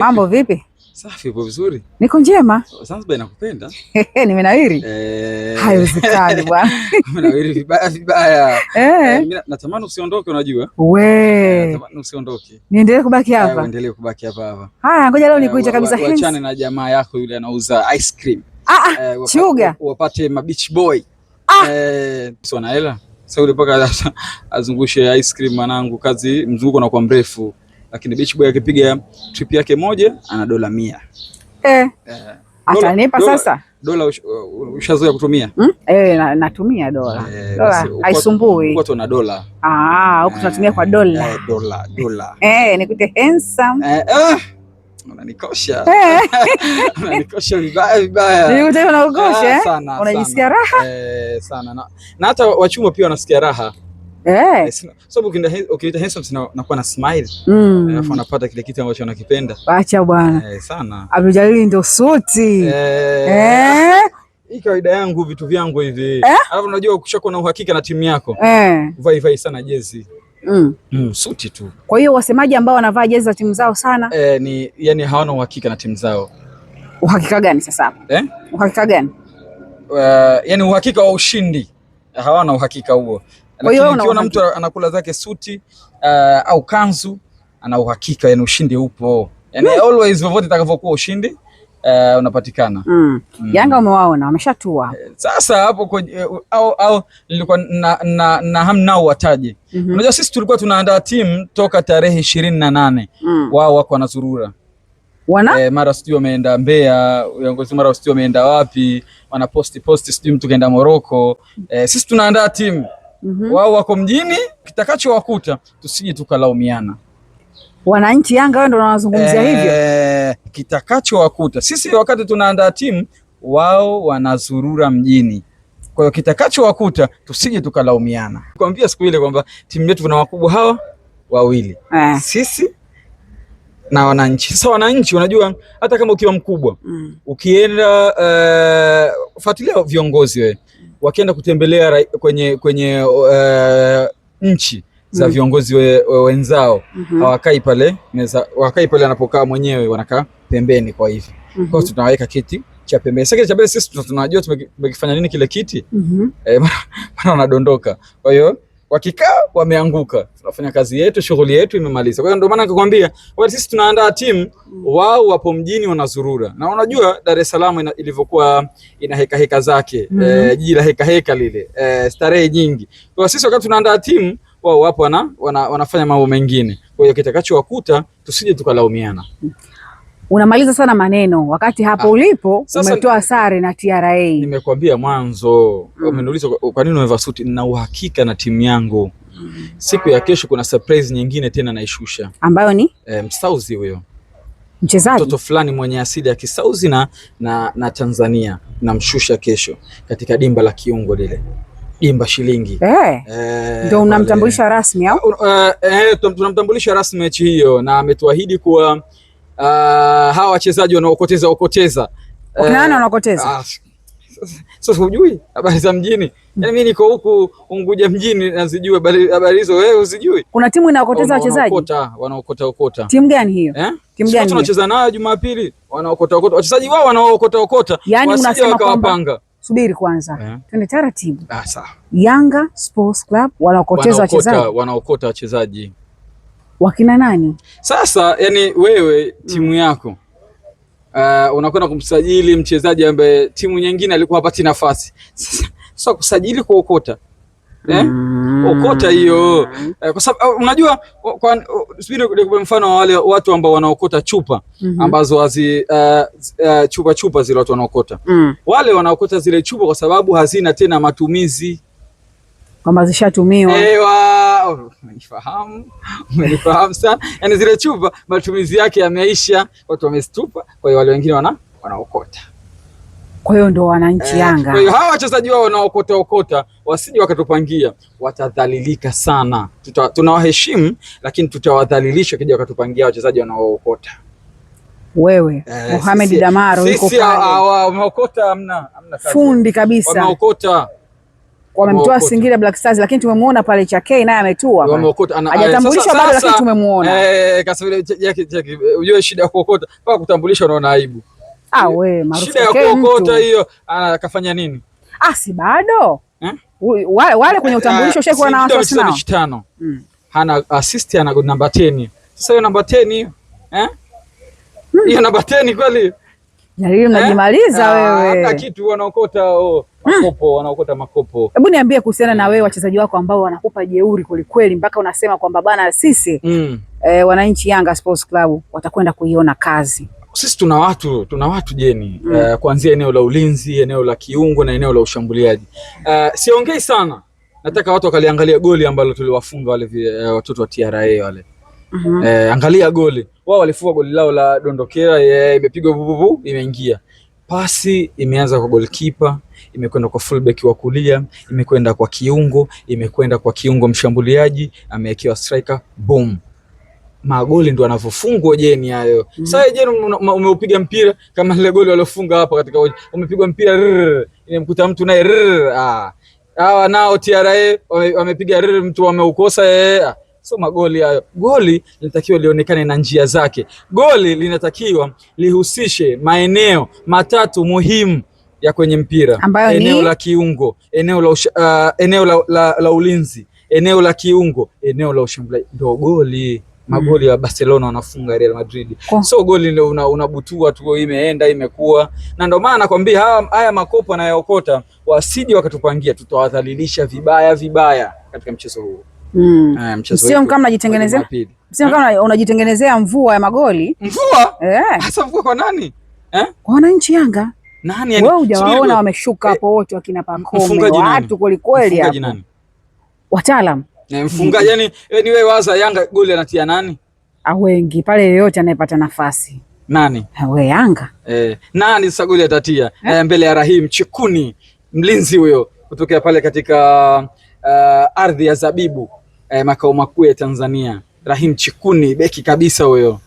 Mambo vipi? Safi, upo vizuri? Niko njema. Zanzibar inakupenda. Nimenawiri. Eh. Haiwezekani bwana. Nimenawiri vibaya vibaya. Eh. eh natamani usiondoke unajua. We. Eh, natamani usiondoke. Niendelee kubaki eh, hapa. Niendelee kubaki hapa hapa. Haya, ngoja leo nikuita kabisa hivi. Waachane na jamaa yako yule anauza ice cream. Ah, ah chuga. Wapate ma beach boy. Ah. Eh, sio na hela. Sasa yule paka azungushe ice cream manangu, kazi mzunguko na kwa mrefu lakini Beach Boy akipiga trip yake moja ana dola mia eh. Eh, atanipa sasa dola ushazoea kutumia hmm? E, natumia dola e, dola haisumbui kwa tuna dola ah, huko tunatumia kwa eh, dola e, dola dola eh, nikute handsome eh, ah, unanikosha unanikosha vibaya vibaya, nikute ah, unaogosha, unajisikia raha eh, sana na hata wachuma pia wanasikia raha Eh. eh sababu ukienda ukiita handsome nakuwa na smile. Mm. Alafu anapata kile kitu ambacho anakipenda. Acha bwana. Eh, sana. Abdul ndio suti. Eh. eh. Hii kawaida yangu vitu vyangu hivi. Eh? Alafu unajua ukishakuwa na uhakika na timu yako. Eh. Vai vai sana jezi. Mm. Mm, suti tu. Kwa hiyo wasemaji ambao wanavaa jezi za timu zao sana eh, ni yani hawana uhakika na timu zao. Uhakika gani sasa? Eh? Uhakika gani? Uh, yani uhakika wa ushindi hawana uhakika huo. Kwa hiyo unaona mtu anakula zake suti uh, au kanzu, ana uhakika yani ushindi upo yani mm. always vyovyote itakavyokuwa ushindi Uh, unapatikana mm. Mm. Yanga umewaona wameshatua eh, sasa hapo kwa, uh, eh, au, au nilikuwa na, na, na nao wataje mm -hmm. Unajua sisi tulikuwa tunaandaa timu toka tarehe ishirini na nane mm. Wao wako wanazurura wana eh, mara sijui wameenda Mbeya viongozi, mara sijui wameenda wapi, wana posti posti, sijui mtu kaenda Moroko eh, sisi tunaandaa timu -hmm. wao wako mjini, kitakachowakuta tusije tukalaumiana wananchi. Yanga wao ndio wanazungumzia eh, hivyo kitakachowakuta sisi wakati tunaandaa timu wao wanazurura mjini kwa hiyo kitakachowakuta tusije tukalaumiana. Kwambia siku ile kwamba timu yetu kuna wakubwa hawa wawili eh, sisi na wananchi. Sasa wananchi, unajua hata kama ukiwa mkubwa mm, ukienda uh, fuatilia viongozi wewe wakienda kutembelea kwenye, kwenye uh, nchi za mm. viongozi we, we, wenzao mm -hmm. hawakai pale meza, hawakai pale wanapokaa mwenyewe, wanakaa pembeni. Kwa hivyo mm -hmm. kwa hiyo tunaweka kiti cha pembeni. Sasa kile cha mbele sisi tunajua tumekifanya nini kile kiti mm -hmm. eh, maana wanadondoka kwa hiyo wakikaa wameanguka, tunafanya kazi yetu, shughuli yetu imemaliza. Kwa hiyo ndio maana nikakwambia sisi tunaandaa timu, mm. wao wapo mjini wanazurura, na unajua Dar es Salaam ilivyokuwa ina heka heka zake mm -hmm. E, jiji la heka heka lile, e, starehe nyingi. Kwa sisi wakati tunaandaa timu, wao wapo wana, wana, wanafanya mambo mengine. Kwa hiyo kitakachowakuta tusije tukalaumiana. Mm unamaliza sana maneno wakati hapo ah, ulipo umetoa sare na TRA. Nimekuambia mwanzo mm. kwa nini umevaa suti, na uhakika na timu yangu mm. Siku ya kesho kuna surprise nyingine tena naishusha, ambayo ni e, msauzi huyo mchezaji mtoto fulani mwenye asili ya kisauzi na, na, na Tanzania namshusha kesho katika dimba la kiungo lile dimba shilingi eh, hey. Eh, ndio unamtambulisha rasmi au? Uh, uh, eh, tunamtambulisha rasmi mechi hiyo, na ametuahidi kuwa uh, hawa wachezaji wanaokoteza okoteza eh, wanaokoteza ah, sasa so, hujui habari za mjini? mm. Yaani mimi niko huku Unguja mjini nazijua habari hizo, wewe uzijui? Kuna timu inaokoteza wachezaji, wanaokota wanaokota okota. Timu gani hiyo eh? Timu gani tunacheza nayo Jumapili? Wanaokota okota wachezaji wao, wanaokota okota, yani unasema kwamba subiri kwanza, Eh? Twende taratibu. Ah, sawa. Yanga Sports Club wanaokoteza wachezaji, wanaokota wachezaji wakina nani? Sasa yani wewe timu mm. yako uh, unakwenda kumsajili mchezaji ambaye timu nyingine alikuwa hapati nafasi. Sasa, sasa kusajili kwa ukota Eh? Mm. Okota hiyo eh, kwa sababu uh, unajua kwa uh, mfano wa wale watu ambao wanaokota chupa mm -hmm. ambazo hazi uh, uh, chupa chupa zile watu wanaokota mm. Wale wanaokota zile chupa kwa sababu hazina tena matumizi kwamba zishatumiwa. Eh, oh, unanifahamu, unanifahamu sana. Yani zile chupa matumizi yake yameisha, watu wamestupa, kwa hiyo wale wengine wana wanaokota kwa hiyo ndo wananchi eh, Yanga. Kwa hiyo hawa wachezaji wao wanaokota okota wasije wakatupangia, watadhalilika sana. Tunawaheshimu, lakini tutawadhalilisha kija wakatupangia wachezaji wanaookota. Wewe eh, Mohamed Damaro yuko pale, sisi wameokota, amna amna fundi kabisa, wameokota wamemtoa Singida Black Stars, lakini tumemuona pale Chake naye ametua, eh, hajatambulishwa bado, lakini tumemuona eh. Unajua shida ya kuokota mpaka kutambulisha, unaona aibu. Ah, we maarufu shida ya kuokota hiyo, akafanya nini? Ah, si bado eh? wale, wale kwenye eh, utambulisho uh, na wasiwasi nao tano mm. Hana assist ana namba 10 sasa, hiyo namba 10 eh hiyo mm. namba 10 kweli, jaribu yaani eh? mnajimaliza eh? wewe hata kitu wanaokota oh makopo, wanaokota makopo. Hebu niambie kuhusiana mm. na wewe wachezaji wako ambao wanakupa jeuri kwelikweli mpaka unasema kwamba bana sisi mm. eh, wananchi Yanga Sports Club watakwenda kuiona kazi. Sisi tuna watu tuna watu jeni mm. uh, kuanzia eneo la ulinzi, eneo la kiungo na eneo la ushambuliaji. Uh, siongei sana, nataka watu wakaliangalia goli ambalo tuliwafunga wale uh, watoto wa TRA wale mm -hmm. uh, angalia goli wao, walifua goli lao la dondokera, imepigwa bubu imeingia Pasi imeanza kwa golikipa, imekwenda kwa fullback wa kulia, imekwenda kwa kiungo, imekwenda kwa kiungo mshambuliaji, amewekewa striker, boom. Magoli ndo anavyofungwa jeni hayo. Mm. Sasa jeni umeupiga mpira kama ile goli waliofunga hapa katika umepigwa mpira inamkuta mtu naye ah. Hawa nao TRA wamepiga mtu wameukosa eh sio magoli hayo. Goli linatakiwa lionekane na njia zake. Goli linatakiwa lihusishe maeneo matatu muhimu ya kwenye mpira ambayo eneo ni? la kiungo, eneo la, uh, eneo la, la, la ulinzi, eneo la kiungo, eneo la ushambuliaji, ndio goli magoli ya Barcelona wanafunga Real Madrid. Kwa. So goli ndio unabutua una tu imeenda imekuwa, na ndio maana nakwambia haya makopo anayookota wasije wakatupangia, tutawadhalilisha vibaya vibaya katika mchezo huu. Mm. Sio kama unajitengenezea sio kama unajitengenezea mvua ya magoli. Mvua? Eh. mvua kwa nani? Eh? Kwa wananchi Yanga. Nani yani? Wewe hujawaona wameshuka hapo eh, wote wakina Pakome. Watu kweli hapo. Mfungaji nani? Eh, mfungaji yani eh, ni wewe waza Yanga goli anatia nani? awengi ah, pale yeyote anayepata nafasi. Nani? Wewe ah, Yanga. Eh. Nani sasa goli atatia? Eh? Mbele ya Rahim Chikuni mlinzi huyo kutokea pale katika uh, ardhi ya Zabibu eh, makao makuu ya Tanzania. Rahim Chikuni beki kabisa huyo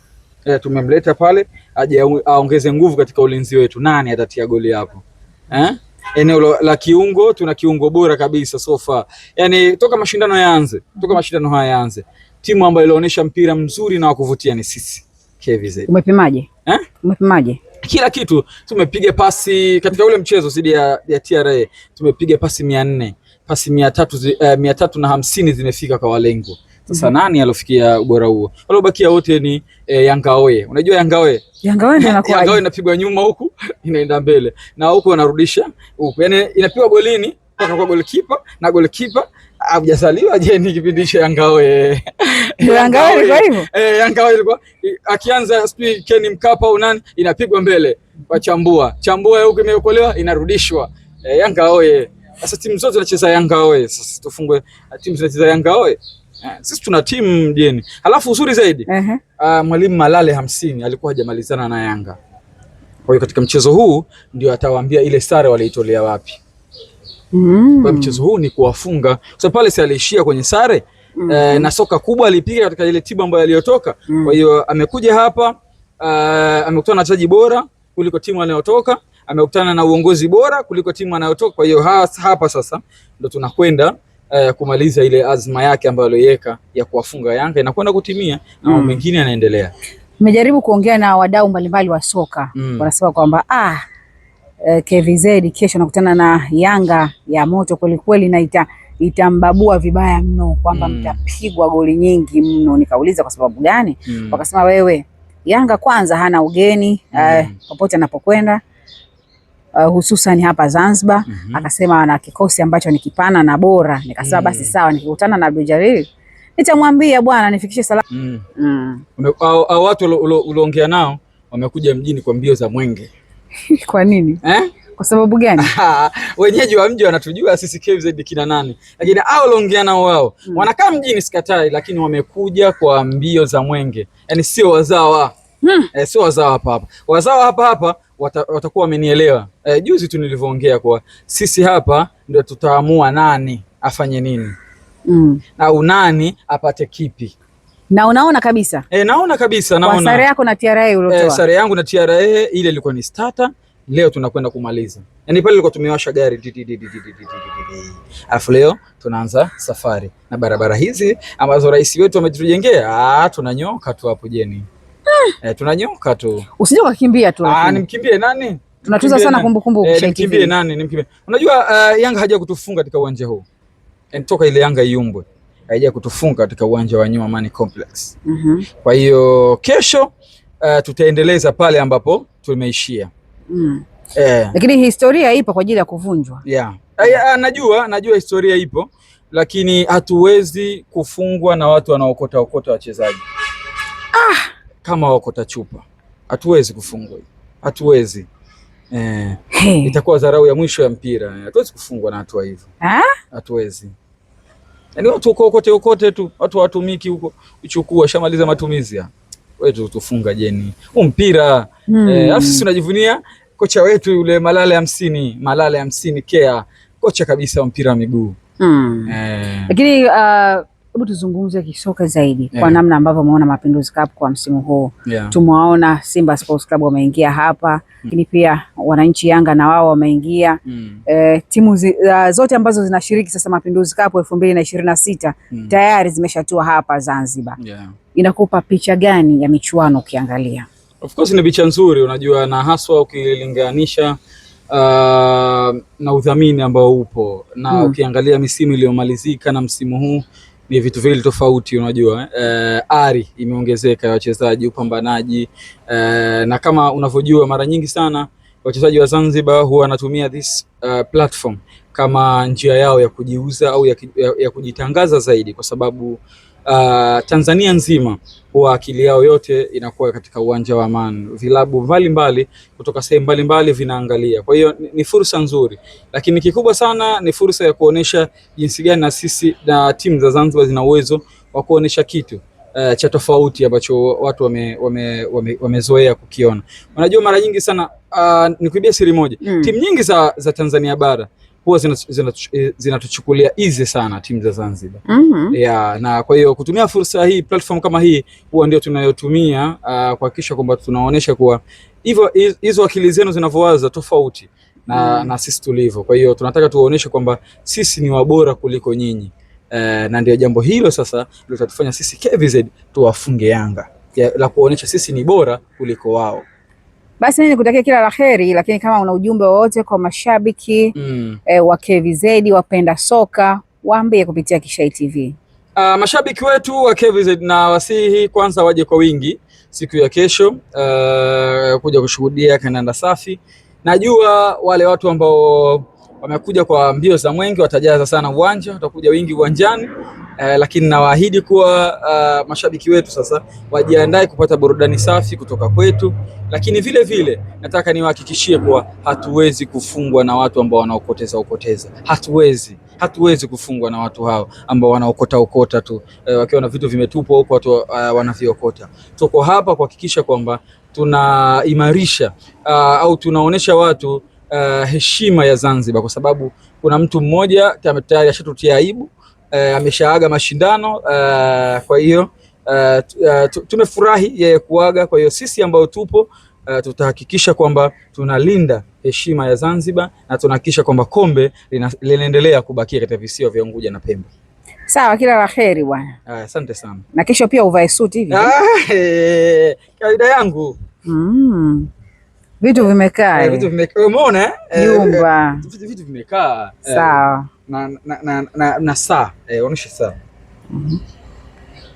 eh, tumemleta pale aje aongeze nguvu katika ulinzi wetu. Nani atatia goli hapo eh? Eneo la, la kiungo tuna kiungo bora kabisa so far, yani toka mashindano yaanze, toka mashindano haya yaanze, timu ambayo ilionyesha mpira mzuri na wakuvutia ni sisi KVZ. Umepemaje eh? Umepemaje kila kitu? Tumepiga pasi katika ule mchezo dhidi ya, ya TRA tumepiga pasi mia nne pasi mia tatu, uh, mia tatu na hamsini zimefika kwa walengwa. Sasa mm -hmm. Nani alofikia ubora huo? Waliobakia wote ni eh, Yangaoye. Unajua Yangaoye? Yangaoye ndio anakuwa. Yangaoye inapigwa nyuma huku inaenda mbele na huku wanarudisha huku. Yaani inapigwa golini mpaka kwa golikipa na golikipa hajazaliwa je ni kipindi cha Yangaoye. Ndio Yangaoye ilikuwa hivyo? Eh, Yangaoye ilikuwa akianza sijui Ken Mkapa au nani inapigwa mbele wachambua. Chambua huko imeokolewa inarudishwa. Eh, Yangaoye sasa timu zote zinacheza Yanga wewe. Sasa tufungwe ah, timu zinacheza Yanga wewe. Eh, sisi tuna timu mjini. Halafu uzuri zaidi. Uh -huh. Uh, Mwalimu Malale hamsini alikuwa hajamalizana na Yanga. Kwa hiyo katika mchezo huu ndio atawaambia ile sare waliitolea wapi. Mm. Kwa mchezo huu ni kuwafunga. Kwa pale si aliishia kwenye sare. Mm. Uh, na soka kubwa alipiga katika ile timu ambayo aliyotoka. Mm. Kwa hiyo amekuja hapa uh, amekutana na taji bora kuliko timu anayotoka amekutana na uongozi bora kuliko timu anayotoka. Kwa hiyo hapa sasa ndo tunakwenda uh, kumaliza ile azma yake ambayo aliweka ya kuwafunga Yanga inakwenda kutimia na mambo mm. mengine yanaendelea. Nimejaribu kuongea na wadau mbalimbali wa soka mm. wanasema kwamba ah, eh, KVZ kesho nakutana na Yanga ya moto kwelikweli na ita itambabua vibaya mno kwamba mm. mtapigwa goli nyingi mno. Nikauliza kwa sababu gani? mm. Wakasema wewe Yanga kwanza hana ugeni eh, mm. uh, popote anapokwenda uh, hususan hapa Zanzibar mm -hmm. Akasema ana kikosi ambacho ni kipana na bora, nikasema mm. Basi sawa, nikikutana na Abdul Jalil nitamwambia bwana nifikishe salamu mm. mm. Au watu uliongea nao wamekuja mjini kwa mbio za mwenge kwa nini eh? Kwa sababu gani? wenyeji wa mji wanatujua sisi KVZ kina nani, lakini hao waliongea nao wao mm. wanakaa mjini sikatai, lakini wamekuja kwa mbio za mwenge, yaani sio wazawa mm. eh, sio wazawa hapa hapa, wazawa hapa hapa watakuwa wata wamenielewa. E, juzi tu nilivyoongea kwa sisi hapa ndio tutaamua nani afanye nini mm. au nani apate kipi na unaona kabisa e, naona kabisa naona. sare yako na TRA uliotoa. E, sare yangu na TRA ile ilikuwa ni starter, leo tunakwenda kumaliza. Yaani pale ilikuwa tumewasha gari, alafu leo tunaanza safari na barabara hizi ambazo rais wetu ametujengea, ah, tunanyoka tu hapo jeni. Eh, tunanyoka tu. Usije ukakimbia tu. Ah, nimkimbie nani? Tunatuza sana kumbukumbu eh, nimkimbie nani? Nimkimbie. Unajua uh, Yanga haja kutufunga katika uwanja huu. Eh, toka ile Yanga iumbwe haija kutufunga katika uwanja wa Nyuma Amani Complex. Mm -hmm. Kwa hiyo kesho uh, tutaendeleza pale ambapo tumeishia. Mm. Eh. Lakini historia ipo kwa ajili ya kuvunjwa. Yeah. Aya, ah, najua najua historia ipo lakini hatuwezi kufungwa na watu wanaokota okota wachezaji. Ah kama wakota chupa. Hatuwezi kufungwa, hatuwezi eh, Itakuwa dharau ya mwisho ya mpira. Hatuwezi kufungwa na hatua hivyo, hatuwezi yani, watu ukokote ukote tu watu watumiki huko uchukua shamaliza matumizi ya wetu tufunga jeni huu mpira hmm. E, alafu sisi tunajivunia kocha wetu yule Malale hamsini Malale hamsini kea kocha kabisa wa mpira wa miguu hmm. eh. lakini uh, Hebu tuzungumze kisoka zaidi yeah. Kwa namna ambavyo umeona Mapinduzi Cup kwa msimu huu yeah. Tumewaona Simba Sports Club wameingia hapa mm. lakini mm. pia wananchi Yanga na wao wameingia mm. E, timu zi, uh, zote ambazo zinashiriki sasa Mapinduzi Cup elfu mbili na ishirini na sita mm. tayari zimeshatua hapa Zanzibar yeah. Inakupa picha gani ya michuano ukiangalia? Of course ni picha nzuri, unajua na haswa ukilinganisha uh, ah, na udhamini ambao upo na mm. ukiangalia misimu iliyomalizika na msimu huu ni vitu viwili tofauti, unajua eh? eh, ari imeongezeka ya wachezaji, upambanaji eh, na kama unavyojua mara nyingi sana wachezaji wa Zanzibar huwa wanatumia this uh, platform kama njia yao ya kujiuza au ya, ya, ya kujitangaza zaidi kwa sababu uh, Tanzania nzima huwa akili yao yote inakuwa katika uwanja wa Amani. Vilabu mbalimbali kutoka sehemu mbalimbali vinaangalia, kwa hiyo ni fursa nzuri, lakini kikubwa sana ni fursa ya kuonesha jinsi gani na sisi na timu za Zanzibar zina uwezo wa kuonesha kitu uh, cha tofauti ambacho watu wamezoea wame, wame, wame kukiona. Unajua mara nyingi sana uh, nikuibia siri moja mm. timu nyingi za, za Tanzania bara huwa zinatuchukulia easy sana timu za Zanzibar. mm -hmm. Yeah, na kwa hiyo kutumia fursa hii, platform kama hii huwa ndio tunayotumia uh, kuhakikisha kwamba tunaonesha kuwa hivyo hizo akili zenu zinavyowaza tofauti na, mm. na sisi tulivyo. Kwa hiyo tunataka tuwaoneshe kwamba sisi ni wabora kuliko nyinyi uh, na ndio jambo hilo sasa litatufanya sisi KVZ tuwafunge Yanga ya, la kuonesha sisi ni bora kuliko wao. Basi mimi nikutakia kila la lakini kama una ujumbe wowote kwa mashabiki mm. e, wa KVZ wapenda soka waambie kupitia Kishai TV. Uh, ah, mashabiki wetu wa KVZ na wasihi kwanza waje kwa wingi siku ya kesho uh, kuja kushuhudia kananda safi. Najua wale watu ambao wamekuja kwa mbio za mwenge watajaza sana uwanja, watakuja wingi uwanjani eh, lakini nawaahidi kuwa uh, mashabiki wetu sasa wajiandae kupata burudani safi kutoka kwetu, lakini vile vile nataka niwahakikishie kuwa hatuwezi kufungwa na watu ambao wanaokoteza ukoteza, Hatuwezi, hatuwezi kufungwa na watu hao ambao wanaokota okota tu eh, wakiwa na vitu vimetupwa huko watu uh, wanaviokota. Tuko hapa kuhakikisha kwamba tunaimarisha uh, au tunaonesha watu uh, heshima ya Zanzibar, kwa sababu kuna mtu mmoja tayari ashatutia aibu uh, ameshaaga mashindano uh, kwa hiyo uh, tumefurahi yeye kuaga. Kwa hiyo sisi ambao tupo Uh, tutahakikisha kwamba tunalinda heshima ya Zanzibar na tunahakikisha kwamba kombe linaendelea kubakia katika visiwa vya Unguja na Pemba. Sawa, kila la heri bwana. Ah, asante sana. Na kesho pia uvae suti hivi. Ah, kawaida yangu. Mm. Vitu vimekaa. Vitu vimekaa. Umeona? Nyumba. Vitu vimekaa. Sawa na, na, na, na, na saa e, eh, onyesha saa mm -hmm.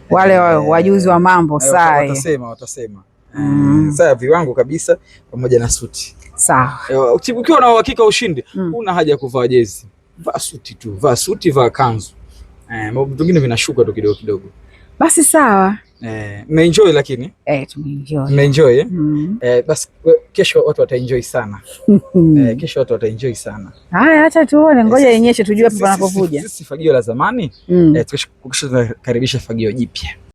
Wale e, wajuzi wa mambo e, saa watasema watasema mm. saa ya viwango kabisa pamoja na suti sawa. ukiwa na uhakika ushindi mm. una haja ya kuvaa jezi, vaa suti tu, vaa suti, vaa kanzu eh, mambo vingine vinashuka tu kidogo kidogo. Basi sawa. Eh, mmeenjoy lakini? Eh, tumeenjoy. Mmeenjoy eh? Mm. Eh, basi kesho watu wataenjoy sana. Eh, kesho watu wataenjoy sana. Haya, hata tuone, ngoja yenyeshe tujue hapo panapokuja. Sisi fagio la zamani, mm. Eh, tukisha tunakaribisha fagio jipya.